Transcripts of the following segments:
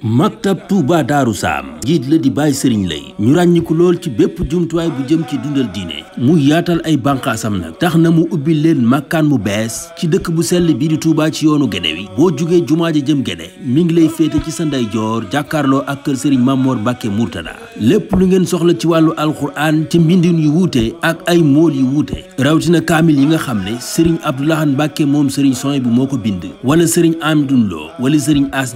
Maktab Touba Daaru Saam njiit la di bàyyi sëriñ lay ñu ràññiku lool ci bépp jumtuwaay bu jëm ci dundal diine mu yaatal ay bànqaasam nag tax na mu ubbi leen màkkaan mu bees ci dëkk bu sell bii di Touba ci yoonu gede wi boo jógee jumaa ja jëm gede mi ngi lay féete ci sa ndeyjoor jàkkaarloo ak kër sëriñ Mamor Mbàkke Murtada lépp lu ngeen soxla ci wàllu alxuraan ci mbindin yu wuute ak ay mool yu wuute rawatina kaamil yi nga xam ne sëriñ Abdoulahan Mbàkke moom sëriñ Soy bu moo ko bind wala sëriñ Amidun Lo wala sëriñ As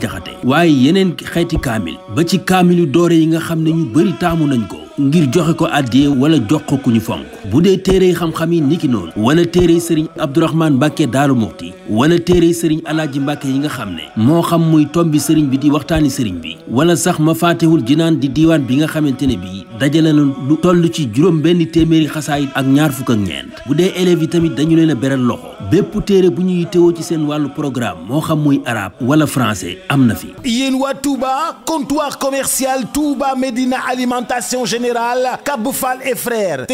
xeeti kaamil ba ci kaamilu doore yi nga xam ne ñu bari taamu nañ ko ngir joxe ko àddee wala jox ko ku ñu fonk bu dee téere xam-xam yi niki noonu wala téere sëriñ Abdourahmane Mbacke Daaru Muxti wala téere sëriñ ji Mbacke yi nga xam ne moo xam muy tombi sëriñ bi di waxtaani sëriñ bi wala sax ma faatewul jinaan di diiwaan bi nga xamante ne bii dajale na lu toll ci juróom benn téeméeri xasaayit ak ñaar fukk ak ñeent bu dee élèves yi tamit dañu leen a beral loxo bépp téere bu ñuy teewoo ci seen wàllu programme moo xam muy arabe wala français am na fi. générale Kabou Fall et frères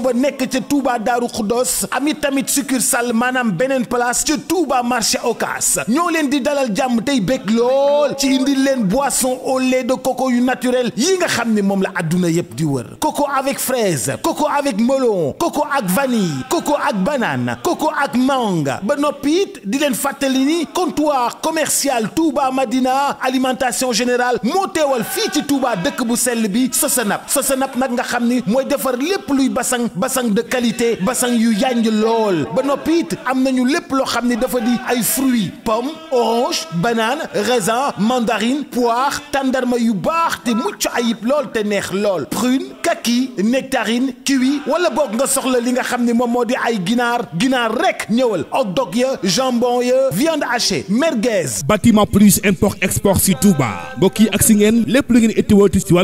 ba nekk ca Touba Daaru Khoudoss ami tamit succursale maanaam beneen place ca Touba marché Ocass ñoo leen di dalal jàmm tey bëgg lool ci indi leen boisson au lait de coco yu naturel yi nga xam ne moom la adduna yëpp di wër coco avec fraise coco avec melon coco ak vanille coco ak banane coco ak mangue ba noppi di leen fàttali ni comptoir commercial Touba Madina alimentation général moo teewal fii ci Touba dëkk bu sell bi Sosenap nap nag nga xam ni mooy defar lépp luy basang basang de qualité basang yu yànj lool ba noppi am nañu lépp loo xam ni dafa di ay fruits pomme orange banane raisin mandarine poire tàndarma yu baax te mucc ayib lool te neex lool prune kaki nectarine kiwi wala boog nga soxla li nga xam ni moom moo di ay ginaar ginaar rek ñëwal hot dog ya jambon ya viande hachée merguez. bâtiment plus import export si Touba mbokk yi ak si ngeen lépp lu ngeen itti woote si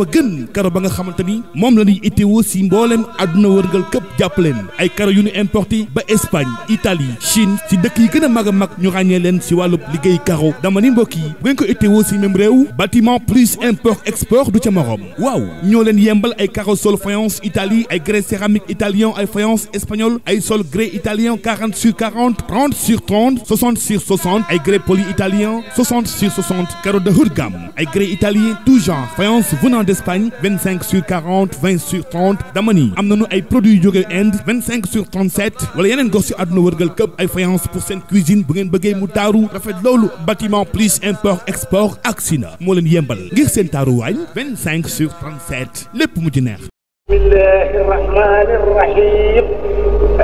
ba gën karo ba nga xamante ni moom la ñuy itteewoo si mbooleem àdduna wërngal këpp jàpp leen ay karo yu ñu importé ba Espagne Italie Chine si dëkk yi gën a mag a mag ñu ràññee leen si wàllub liggéey karo dama ni mbokk yi bu ngeen ko itteewoo si même réew bâtiment plus import export du ca morom waaw ñoo leen yembal ay karo sol faïence Italie ay grès céramique italien ay faïence espagnol ay sol grès italien 40 sur 40 30 sur 30 60 sur 60 ay grès poli italien 60 sur 60 karo de haut de gamme ay grès italien tout genre d'Espagne 25 sur 40 20 sur 30 dama ni am nañu ay produits yu Inde 25 sur 37 wala yeneen gox yu àdduna wërgal këpp ay faïence pour seen cuisine bu bëggee mu taaru rafet loolu bâtiment plus import export ak sina moo leen yembal ngir seen taaru waañ 25 sur 37 lépp mu ci neex bismillahi rahmani rahim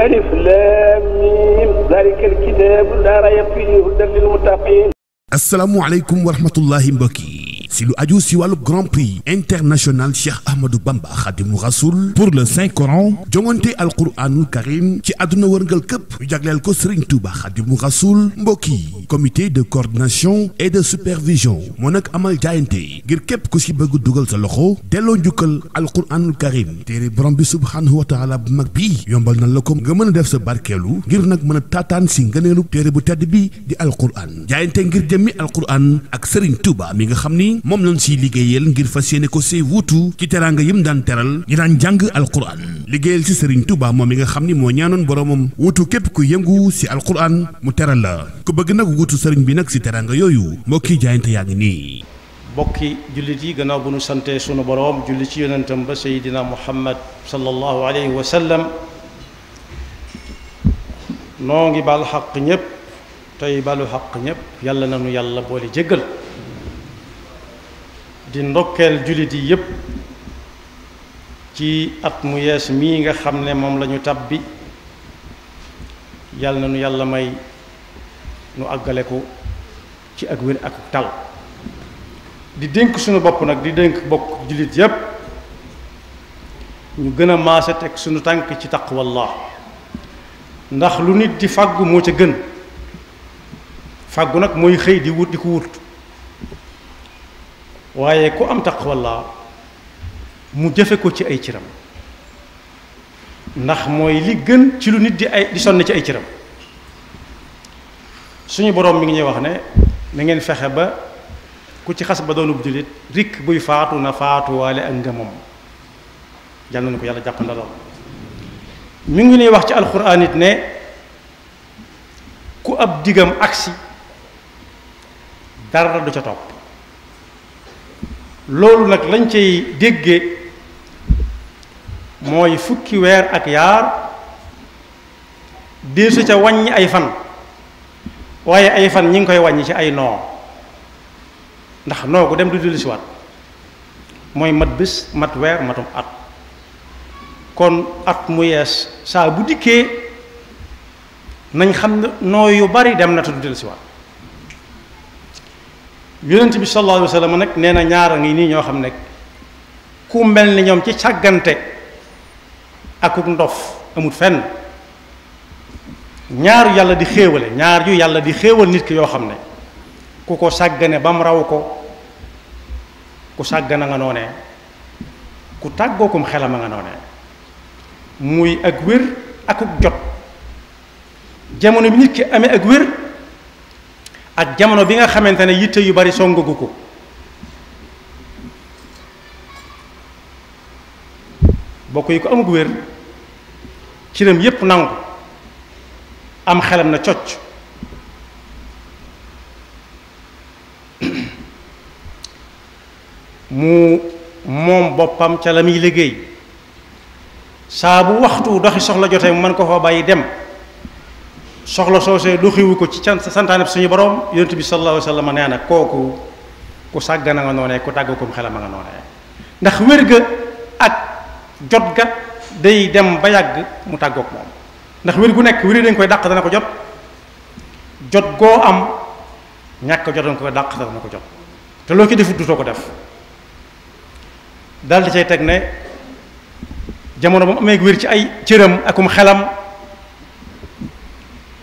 alif lam mim zalika alkitabu la rayba fihi hudan lil asalaamualeykum wa rahmatullahi mbokk yi si lu aju si wàllu grand prix international cheikh ahmadou bamba xadimu rasoul pour le saint coran jongante alquraanul karim ci àdduna wërngal këpp ñu jagleel ko sëriñ tuuba xadimu rasoul mbokk yi de coordination et de supervision moo nag amal jaayante ngir képp ku ci bëgg dugal sa loxo delloo njukkal alquraanul karim téere borom bi subhaanahu wa taala bu mag bi yombal na la ko nga mën a def sa barkeelu ngir nag mën a taataan si ngëneelu téere bu tedd bi di alquraan jaayante ngir jëmmi alquran ak Serigne Touba mi nga xam ni moom lañ siy liggéeyal ngir fas yéene ko see wuutu ci teraanga yim daan teral ñi daan jàng alquran liggéeyal si Serigne Touba moom yi nga xam ni moo ñaanoon boromam wuutu képp ku yëngu si alquran mu teral la ku bëgg nag wuutu sëriñ bi nag si teraanga yooyu mbokki jaayante yaa ngi nii. mbokki jullit yi gannaaw bu nu sante sunu boroom julli ci yonentam ba seydina muhammad sallallahu alayhi wa sallam noo ngi baal xaq ñépp tey balu xaq ñépp yàlla nanu yàlla boole jéggal di ndokkeel jullit yi yépp ci at mu yees mii nga xam ne moom lañu tàbbi yàlla nanu yàlla may nu àggale ko ci ak wér ak tal di dénk sunu bopp nag di dénk bokk jullit yépp ñu gën a maase teg sunu tànk ci taqwallah ndax lu nit di fàggu moo ca gën fàggu nag mooy xëy di wut di ko wut waaye ku am taqwallaa mu jëfe ko ci ay ciram ndax mooy li gën ci lu nit di ay di sonn ci ay ciram suñu boroom mi ngi ñuy wax ne na ngeen fexe ba ku ci xas ba doonub jullit rikk buy faatu na faatuwaale ak ngëmam jàll na ko yàlla jàpp ndalal mi ngi ñuy wax ci alxuraan it ne ku ab digam agsi dara du ca topp loolu nag lañ cay dégge mooy fukki weer ak yaar diisu ca wàññi ay fan waaye ay fan ñi ngi koy wàññi ci ay noo ndax noo gu dem du dellu mooy mat bés mat weer matum at kon at mu yees saa bu dikkee nañ xam ne noo yu bari dem na te du dellu siwaat yonent bi sallallahu alayhi wa sallam nee na ñaara ngi nii ñoo xam ne ku mel ni ñoom ci càggante akuk ndof amut fenn ñaar yàlla di xéewale ñaar yu yàlla di xéewal nit ki yoo xam ne ku ko sàggane ba mu raw ko ku sàggana nga noonee ku tàggookum xelam a nga noonee muy ak wér akuk jot jamono bi nit ki amee ak wér ak jamono bi nga xamante ne yitte yu bari songagu ko bokk yi ko amug wér ciram yépp nangu am xelam na cocc mu moom boppam ca la muy liggéey saa bu waxtu doxi soxla jotee mu mën ko fa bàyyi dem soxla soosee doxiwu ko ci can santaane suñu borom yonent bi sallallahu alayhi wa sallam nee na kooku ku sàggana nga noonee ku tàgg ko xelam a nga noonee ndax wér ga ak jot ga day dem ba yàgg mu tàggoog moom ndax wér gu nekk wéri dañ koy dàq dana ko jot jot goo am ñàkk jotoon ko dàq dana ko jot te loo ci defut dutoo ko def dal di cay teg ne jamono ba mu amee wér ci ay cëram akum xelam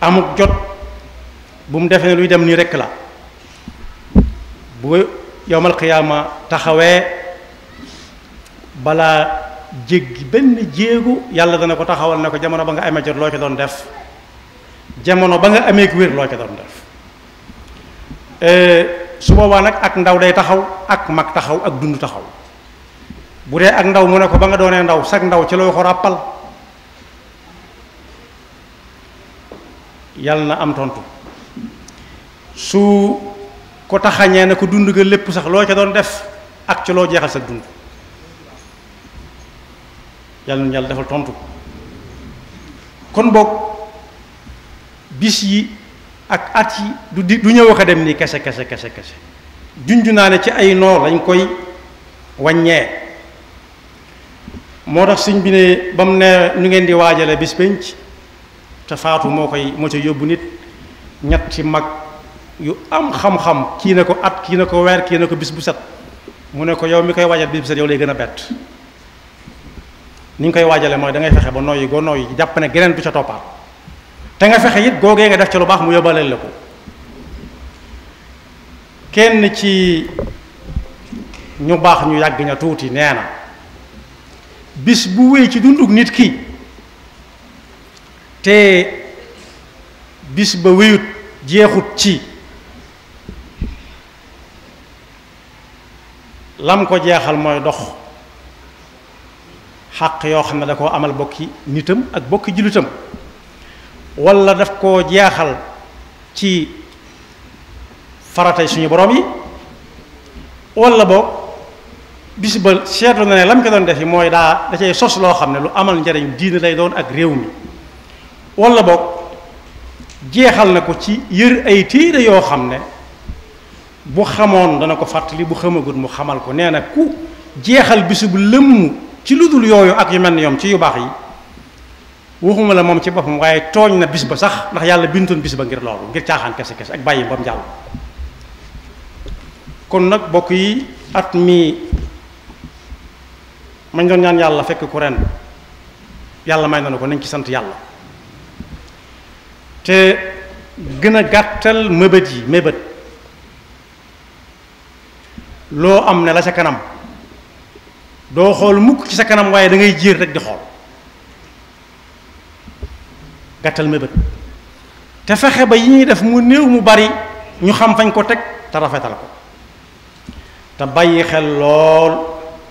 amuk jot bu mu defee luy dem nii rekk la bu yowmal xiyaama taxawee balaa jéggi benn jéegu yàlla dana ko taxawal na ko jamono ba nga amee jot loo ca doon def jamono ba nga amee wér loo ca doon def e, su boobaa nag ak ndaw day taxaw ak mag taxaw ak dund taxaw bu dee ak ndaw mu ne ko ba nga doonee ndaw sag ndaw ci loo ko ràppal yàlla na am tontu su ko taxañee na ko dund ga lépp sax loo ca doon def ak ca loo jeexal sa dund yàlla na yàlla defal tontu kon boog bis yi ak at yi du di du ñëw ko dem nii kese kese kese kese junj naa ne ci ay noor lañ koy wàññee moo tax suñ bi ne ba mu ne nu ngeen di waajale bis penc te faatu moo koy moo ca yóbbu nit ñetti mag yu am xam-xam kii ne ko at kii ne ko weer kii na ko bis bu set mu ne ko yow mi koy waajal bis bu set yow lay gën a bett ni nga koy waajale mooy da ngay fexe ba nooyi goo nooyi jàpp ne geneen du ca toppaat te nga fexe it googee nga def ca lu baax mu yóbbaleel la ko kenn ci ñu baax ñu yàgg ña tuuti nee na bis bu wéy ci dundug nit ki te bis ba wéyut jeexut ci lam ko jeexal mooy dox xaq yoo xam ne da koo amal bokki nitam ak bokki jullitam walla daf koo jeexal ci faratay suñu borom yi wala boog bis ba seetlu na ne lam ko doon def yi mooy daa da cay sos loo xam ne lu amal njariñ diine lay doon ak réew mi walla boog jeexal na ko ci yër ay téere yoo xam ne bu xamoon dana ko fàttali bu xamagut mu xamal ko nee nag ku jeexal bisu bu ci lu dul yooyu ak yu mel ni yoon ci yu baax yi waxuma la moom ci boppam waaye tooñ na bis ba sax ndax yàlla bintoon bis ba ngir loolu ngir caaxaan kese kese ak bàyyi ba mu jàll kon nag bokk yi at mii mañ doon ñaan yàlla fekk ku ren yàlla may na ko nañ ci sant yàlla te gën a gàttal mëbët yi mébët loo am ne la sa kanam doo xool mukk ci sa kanam waaye da ngay jiir rek di xool gàttal mébët te fexe ba yi ñuy def mu néew mu bari ñu xam fañ ko teg te rafetal ko te bàyyi xel lool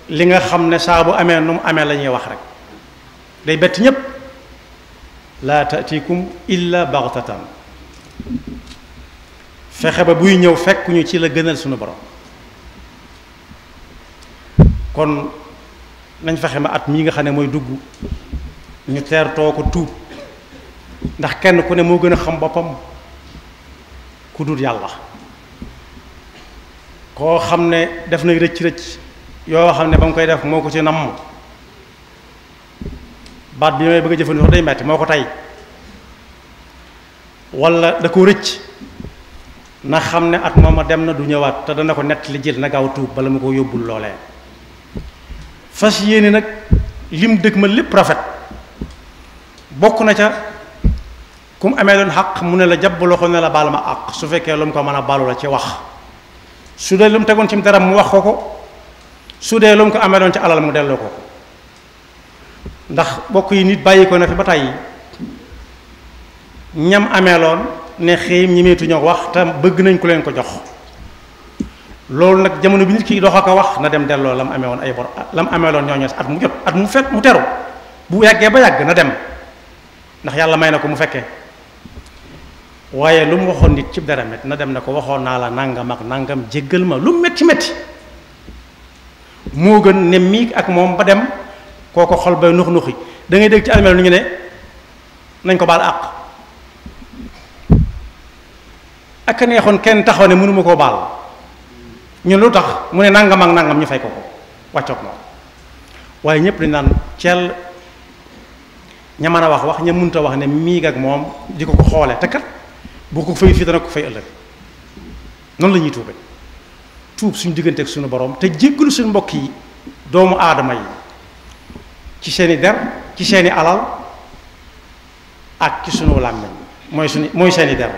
li nga xam ne saa amee nu mu amee la ñuy wax rek day bett ñépp laa tatikum illa baxtatan fexe ba buy ñëw fekkuñu ci la gënal sunu borom kon nañ fexe ma at ñi nga xam ne mooy dugg ñu teertoo ko tuub ndax kenn ku ne moo gën a xam boppam ku dul yàlla koo xam ne def na rëcc rëcc yoo xam ne ba mu koy def moo ko ci namm baat bi may bëgg a jëfandikoo day metti moo ko tey wala da ko rëcc na xam ne at mooma dem na du ñëwaat te dana ko nett li jël na gaaw tuub bala mu ko yóbbul loolee fas yéene nag lim dëgg ma lépp rafet bokk na ca ku mu amee doon xaq mu ne la jàpp loxo ne la baal ma àq su fekkee lu mu ko mën a baalu la ci wax su dee lu mu tegoon ci mu dara mu wax ko ko su dee lu mu ko amee doon ca alal mu delloo ko ndax bokk yi nit bàyyi ko na fi ba tàyyi ñam ameeloon ne xëy ñemeetu ñoo wax te bëgg nañ ko leen ko jox loolu nag jamono bi nit ki dox ak a wax na dem delloo la lam amee woon ay bor lam ameeloon ñoo ñees at mu jot at mu fet mu teru bu yàggee ba yàgg na dem ndax yàlla may na ko mu fekkee waaye lu mu waxoon nit ci dara na dem na ko waxoon naa la nangam ak nangam jéggal ma lu metti metti moo gën ne miig ak moom ba dem kooko xol bay nux nuxi da dégg ci almeel lu ñu ne nañ ko baal àq ak neexoon kenn taxaw ne mënuma koo baal ñun lu tax mu ne nangam ak nangam ñu fay ko ko wàccoog moom waaye ñëpp dañ naan ceel ña mën a wax wax ña mënta wax ne miig ak moom di ko ko xoole te kat boo ko fay fii dana ko fay ëllëg noonu lañuy ñuy tuube tuub suñu diggante sunu suñu borom te jéggalu suñu mbokk yi doomu aadama yi ci seeni der ci seeni alal ak ci sunu làmmiñ mooy sunu mooy seeni der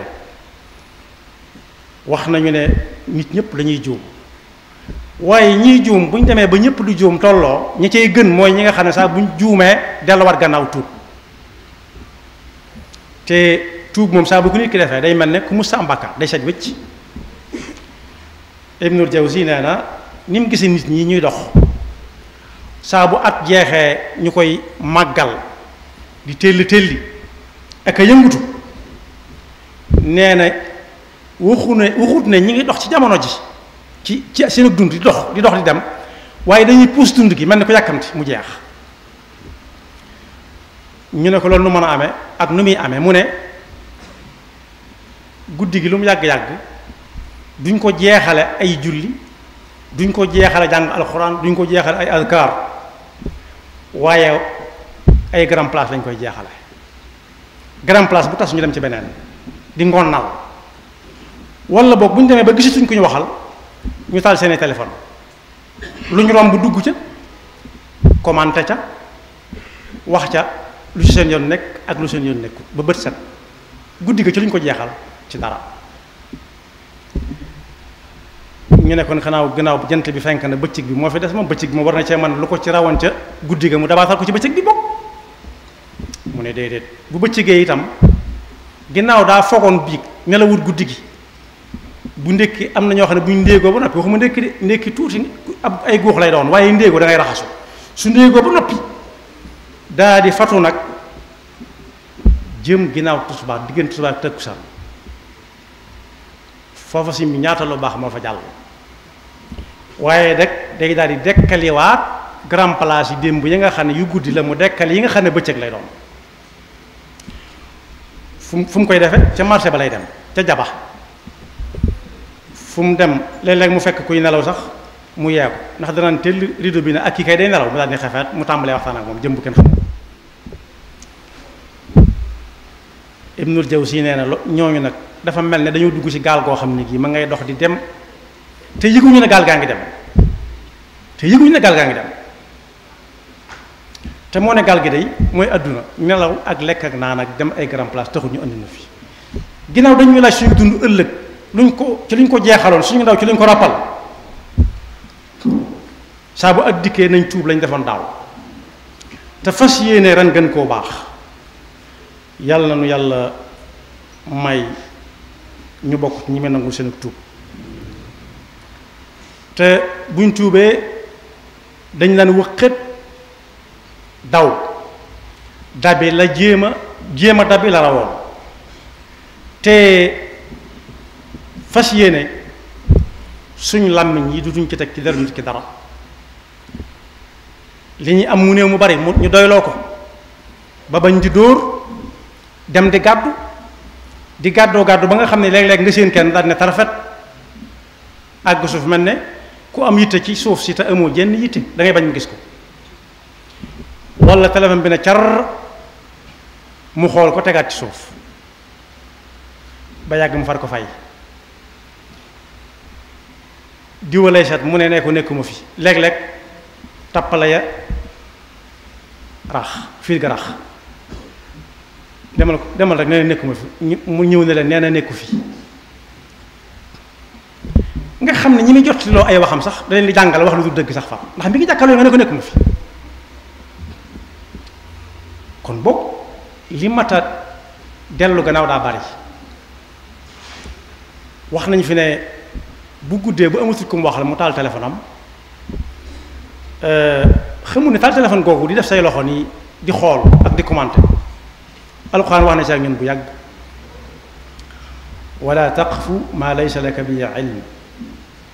wax nañu ne nit ñëpp lañuy juum waaye ñiy juum bu ñu demee ba ñëpp du juum tolloo ñi cay gën mooy ñi nga xam ne sax bu ñu juumee delluwaat gannaaw tuub te tuub moom saa bu ko nit ki defee day mel ne ku mu sàmbaka day set wëcc Ibnul Jawzi nee na ni mu gisee nit ñi ñuy dox saabu at jeexee ñu koy màggal di telli telli ak a yëngutu nee na waxu ne waxut ne ngi dox ci jamono ji ci ci seen dund di dox di dox di dem waaye dañuy puus dund gi mel ni ko yàkkamti mu jeex ñu ne ko loolu nu mën a amee ak nu muy amee mu ne guddi gi lu mu yàgg-yàgg duñ ko jeexale ay julli duñ ko jeexale jàng alxuraan duñ ko jeexale ay azkar waaye ay grand place lañ koy jeexale grand place bu tas ñu dem ci beneen di ngonnal wala boog bu ñu demee ba gisatuñ ku ñu waxal ñu taal seeni téléphone lu ñu romb dugg ca commenté ca wax ca lu ci seen yoon nekk ak lu seen yoon nekk ba bët set guddi gi ci lu ñu ko jeexal ci dara ñu ne kon xanaa gannaaw jant bi fenk na bëccëg bi moo fi des moom bëccëg bi moom war na cee man lu ko ci rawoon ca guddi ga mu dabaatal ko ci bëccëg bi bokk mu ne déedéet bu bëccëgee itam ginnaaw daa fogoon biig nelawut guddi gi bu ndekki am na ñoo xam ne buñ ñu ndéegoo ba noppi waxuma ndékki de ndékki tuuti ab ay guux lay doon waaye ndéegoo da ngay raxasu su ndéegoo ba noppi daa di fatu nag jëm ginnaaw tusbaar diggante tusbaar tëkkusaan foofa sëñ bi ñaata lu baax moo fa jàll waaye rek day daal di dekkaliwaat grand place yi démb yi nga xam ne yu guddi la mu dekkal yi nga xam ne bëccëg lay doon fu mu fu mu koy defe ca marché ba lay dem ca jaba fu mu dem léeg mu fekk kuy nelaw sax mu yee ko ndax danaan teel rideau bi ne ak kii kay day nelaw mu daal di xefeet mu tàmbalee waxtaan ak moom jëm bu kenn xam Ibnul Jawzi nee na ñooñu nag dafa mel ne dañoo dugg ci gaal goo xam ne gii ma ngay dox di dem te yëguñu ne gaal gaa ngi dem te yëguñu ne gaal te moo ne gaal gi day mooy àdduna nelaw ak lekk ak naan ak dem ay grand place taxul ñu andi na fi ginnaaw dañuy laaj suñu dund ëllëg luñ ko ci luñ ko jeexaloon suñu ndaw ci luñ ko rappal saa ak dikkee nañ tuub lañ defoon daaw te fas yéene ren gën koo baax yàlla na nu yàlla may ñu bokk ñi mel nangul seen tuub te buñ tuubee dañ daan wëqët daw dabi la jéem a jéem a dabi la rawoon te fas yéene suñ làmmiñ yi dutuñ ci teg ci dara ci dara li ñu am mu néew mu bari mu ñu doyloo ko ba bañ di dóor dem di gàddu di gàddoo gàddu ba nga xam ne léeg-léeg nga seen kenn daal ne tarafet àgg suuf mel ne ku am yitte ci suuf si te amoo jenn yitte da ngay bañ mu gis ko walla téléphone bi ne car mu xool ko tegaat ci suuf ba yàgg mu far ko fay diwa set mu ne ne ko nekkuma fi léeg-léeg tappale ya rax fiir ga rax demal demal rek nee na nekkuma fi mu ñëw ne la nee na nekku fii nga xam ne ñi muy jot loo ay waxam sax da leen di jàngal wax lu dul dëgg sax fa ndax mi ngi jàkkaarloo nga ne ko nekkuma fi kon boog li mat dellu gannaaw daa bari wax nañu fi ne bu guddee bu amatul ku mu wax la mu taal téléphone am euh, xamu ne taal téléphone googu di def say loxo nii di xool ak di commenter. alquran wax na ci ñun bu yàgg wala taqfu ma laysa laka bi ilm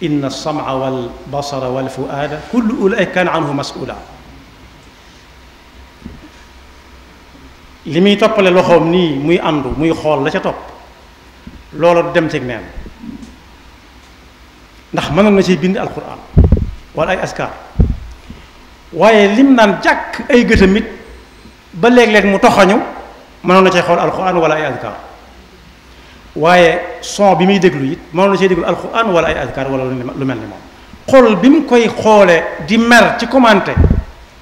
inna alsama wal basara wal fuaada kullu ulaika kaana anhu masula li muy toppale loxoom nii muy àndu muy xool la ca topp loola du dem teg neen ndax mënoon na ciy bind alquran wala ay askar waaye lim naan jàkk ay gëtamit ba léeg-léeg mu toxañu mënoon na cee xool alquran wala ay adkaar waaye son bi muy déglu it mënoon na déglu alquran wala ay adkaar wala lu mel ni moom xol bi mu koy xoolee di mer ci commenté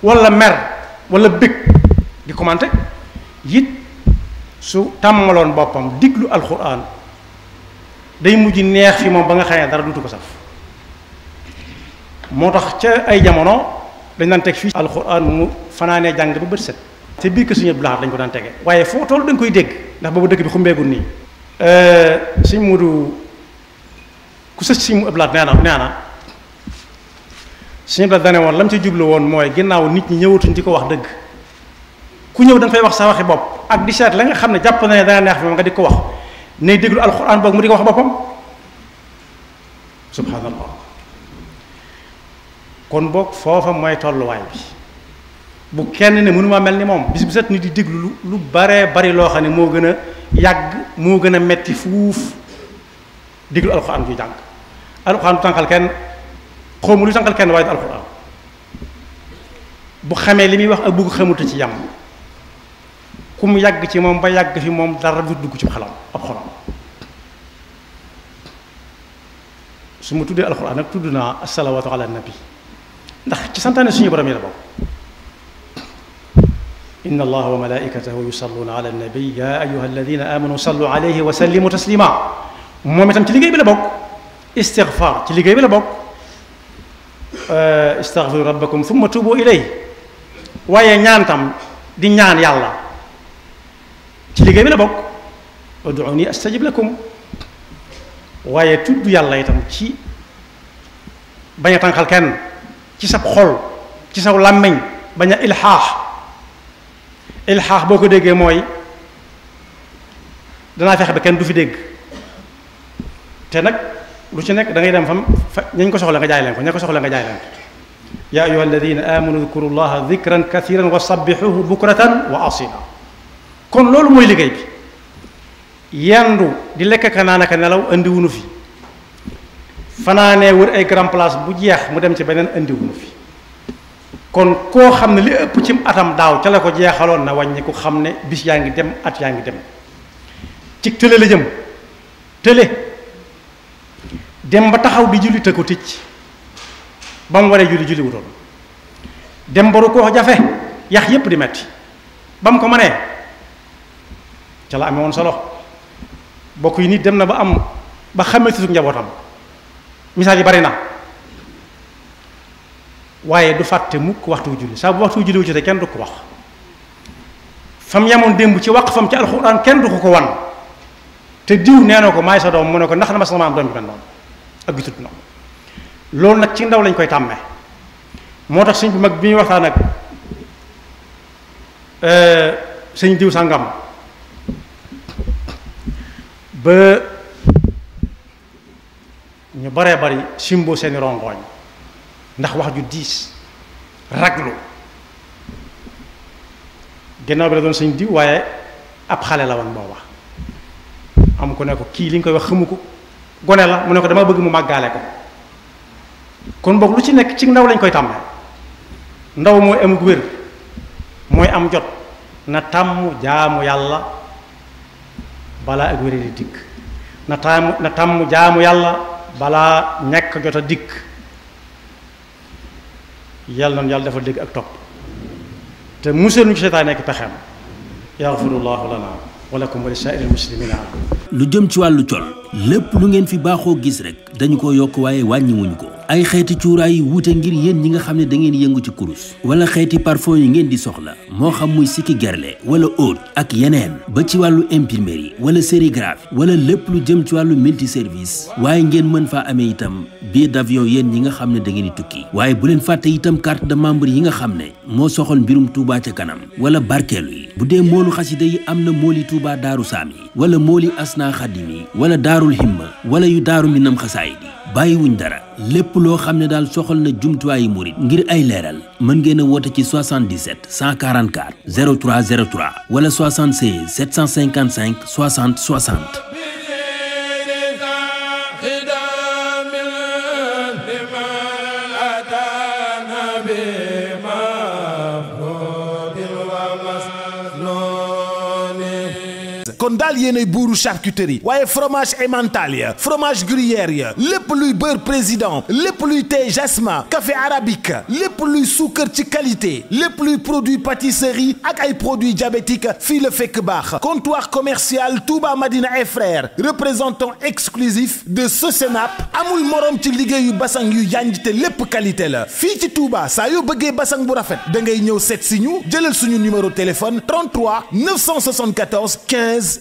walla mer walla bëgg di commenté it su tàmmaloon boppam diglu alquran day mujj neex fi moom ba nga xamee dara dutu ko saf moo tax ca ay jamono dañ daan teg fii alquran mu fanaanee jàng ba bët set te biir kër Sëriñ Abdou Lahad ko daan tege waaye foo toll dañ koy dégg ndax boobu dëkk bi xumbeegul nii euh, Sëriñ Moodu ku sës Sëriñ Abdou Lahad nee na nee na Sëriñ Abdou Lahad woon lam ci jublu woon mooy ginnaaw nit ñi ñëwatuñ di ko wax dëgg ku ñëw da nga fay wax sa waxi bopp ak di seet la nga xam ne jàpp na ne dana neex fi ma nga di ko wax nay déglu alxuraan boog mu di ko wax boppam subhanallah kon boog foofa mooy tolluwaay bi bu kenn ne mënuma mel ni moom bis bu set nit di déglu lu lu baree bari loo xam ne moo gën a yàgg moo gën a metti fuuf diglu alxuraan ju jàng alxuraan du tànqal kenn xawma lu tànqal kenn waaye alxuraan bu xamee li muy wax ak bugg xamuta ci yam ku yàgg ci moom ba yàgg fi moom dara du dugg ci xalam ab xolam su ma tuddee alxuraan nag tudd naa asalawaatu ala nabi ndax ci santaane suñu borom yi la bokk inna allaha wa malaikatahu yusalluna ala nabi ya ayuha alladina amanu sallu alayhi wa sallimu taslima moom itam ci liggéey bi la bokk istigfar ci liggéey bi la bokk euh, istagfiru rabbakum thumma tubu ilay waaye ñaan tam di ñaan yàlla ci liggéey bi la bokk ud'uni astajib lakum waaye tudd yàlla itam ci bañ a tànqal kenn ci sab xol ci saw làmmiñ bañ a ilxaax ilxaax boo ko déggee mooy danaa fexe ba kenn du fi dégg te nag lu ci nekk da ngay dem fam fa ñañ ko soxla nga jaay leen ko ña ko soxla nga jaay leen ko yaa ayuha alladina amanu dkuru llaha dikran kathiran wa sabbixuhu bukratan wa asila kon loolu mooy liggéey bi di lekk ka naan ak nelaw indiwunu fi fanaanee wër ay grand place bu jeex mu dem ci beneen andiwunu fi kon koo xam ne li ëpp cim atam daaw ca la ko jeexaloon na wàññi ku xam ne bis yaa ngi dem at yaa ngi dem ci tële la jëm tële dem ba taxaw di julli te ko ticc ba mu waree julli julli wutoon dem ba rukkoo jafe yax yépp di metti ba mu ko mënee ca la amee woon solo bokk yi nit dem na ba am ba xamee si njabootam misaal yi bari na waaye du fàtte mukk waxtu julli saa bu waxtu julli wu jotee kenn du ko wax fam yamoon démb ci fam ci alxuraan kenn du ko ko wan te diw nee na ko maay sa doom mu ne ko ndax dama sama am doom bi mel noonu loolu nag ci ndaw lañ koy tàmmee moo tax sëñ bu mag bi ñuy waxtaan ak euh, sëñ diw sàngam ba ñu baree bari simbo seeni rongooñ ndax wax ju diis raglu gannaaw bi la doon sëñ diw waaye ab xale la woon booba am ku ne kii li nga koy wax xëmu ko gone la mu ne ko dama bëgg mu màggaale ko kon boog lu ci nekk ci ndaw lañ koy tàmbalee ndaw mooy amug wér mooy am jot na tàmm jaamu yàlla balaa ak wér di dikk na tàmm na tàmm jaamu yàlla balaa ñàkk jot a dikk yàlla noonu yàlla dafa dégg ak topp te musal ñu ci seytaan nekk pexeem yaxfirullahu lana wa lakum wa li saa'iril muslimina lu jëm ci wàllu col lépp lu ngeen fi baaxoo gis rek dañu ko yokk waaye wàññiwuñu ko ay xeeti cuuraay yu wuute ngir yéen ñi nga xam ne da ngeen yëngu ci kurus wala xeeti parfum yi ngeen di soxla moo xam muy sikki gerle wala óot ak yeneen ba ci wàllu yi wala sérigraphie wala lépp lu jëm ci wàllu multi service waaye ngeen mën faa amee itam billet d'avion yéen ñi nga xam ne da ngeen di tukki waaye bu leen fàtte itam carte de membre yi nga xam ne moo soxal mbirum Touba ca kanam wala barkeelu yi bu dee moolu xasida yi am na mooli Touba daaru saam yi wala mooli asna xadim yi wala daarul himma wala daaru minam xasaayid bàyyiwuñ dara lépp loo xam ne daal soxal na jumtuwaayu murit ngir ay leeral mën ngeen a woote ci 77 144 03 03 wala 76 755 60 60 daal yéenay buuru charcuterie waaye fromage emmental ya fromage gruyère ya lépp luy beurre président lépp luy thé jasmin café arabique lépp luy suukar ci qualité lépp luy produit pâtisserie ak ay produits diabétiques fii la fekk baax comptoir commercial Touba Madina et frères représentant exclusif de Sosenap amul morom ci liggéeyu basang yu yanj te lépp qualité la fii ci Touba saa yoo bëggee basang bu rafet da ngay ñëw seet si ñu jëlal suñu numéro téléphone 33 974 15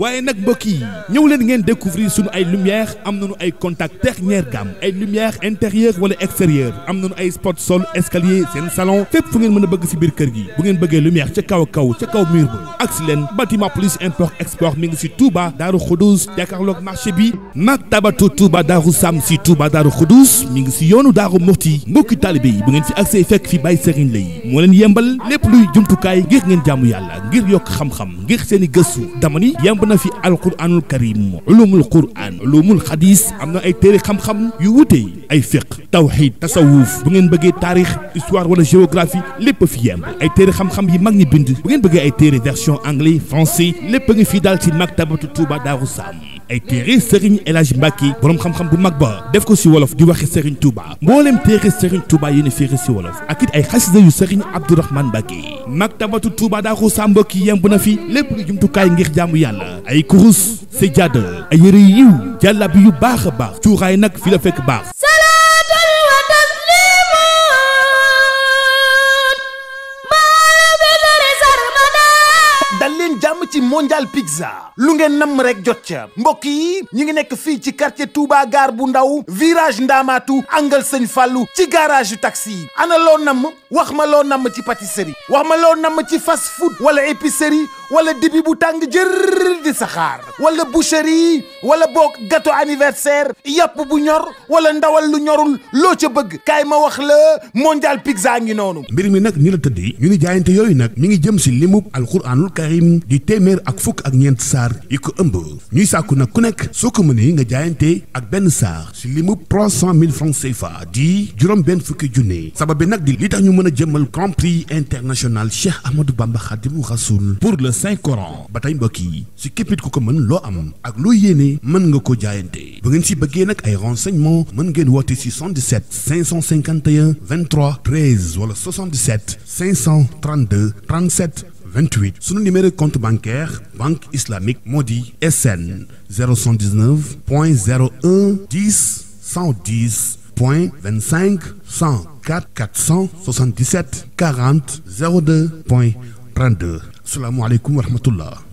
waaye nag mbokk yi ñëw leen ngeen découvrir suñu ay lumière am na nañu ay contact dernière gamme ay lumière intérieure wala extérieure am na nañu ay spot sol escalier seen salon fépp fu ngeen mën a bëgg si biir kër gi bu ngeen bëggee lumière ca kaw kaw ca kaw mur ba ak si leen bâtiment plus import export mi ngi si Touba Daaru Xuduus jàkkaarloog marché bi Maktabatu Touba Daaru Sam si Touba Daaru Xuduus mi ngi si yoonu Daaru Muxti mbokki taalibe yi bu ngeen fi accès fekk fi Baye Serigne lay moo leen yembal lépp luy jumtukaay ngir ngeen jaamu yàlla ngir yokk xam ngir seen gëstu na fi alquranul karim ulumul quran ulumul xadis am na ay téere xam-xam yu wute ay fiq tawxid tasawuf bu ngeen bëggee taarix histoire wala géographie lépp fi yem ay téere xam-xam yi mag ñi bind bu ngeen bëggee ay téere version anglais français lépp a ngi fii daal ci maktabatu Touba Darou Sam ay téere Serigne El Hadj Mbacke borom xam-xam bu mag ba def ko si wolof di waxe Serigne Touba mbooleem téere Serigne Touba yéen a féere si wolof ak it ay xasida yu Serigne Abdourahmane Mbacke maktabatu Touba daa ko sa mbokk yi yemb na fi lépp lu jumtukaay ngir jaamu yàlla ay kurus si jadd ay yëre yiw jàllabi yu baax a baax cuuraay nag fi la fekk baax ci mondial pizza lu ngeen namm rek jot ca mbokk yi ñu ngi nekk fii ci quartier Touba gare bu ndaw virage Ndaamaatu angle Sëñ fàllu ci garage yu taxi yi ana loo namm wax ma loo namm ci pâtisserie wax ma loo namm ci fast food wala épicerie wala dibi bu tàng jër di saxaar wala boucherie wala boog gâteau anniversaire yàpp bu ñor wala ndawal lu ñorul loo ca bëgg kaay ma wax la mondial pizza ngi noonu mbir mi nag ni la tëdd ñu ni jaayante yooyu nag mi ngi jëm si limub alquranul karim di téeméer ak fukk ak ñeent saar yi ko ëmb ñuy sàkku nag ku nekk soo ko mënee nga jaayante ak benn saar si limub trois cent mille francs CFA di juróom benn fukki junne sabab bi nag di li tax ñu mën a jëmmal grand international Cheikh Ahmadou Bamba Khadimou saint coran ba tey mbokk yi si képpit ku ko mën loo am ak loo yéene mën nga ko jaayante bu ngeen si bëggee nag ay renseignement mën ngeen woote si 77 551 23 13 wala 77 532 37 28 sunu numéro compte bancaire banque islamique moo di SN 019 point 01 10 110 point 25 104 477 40 02 point 32 salaamualeykum wa rahmatullah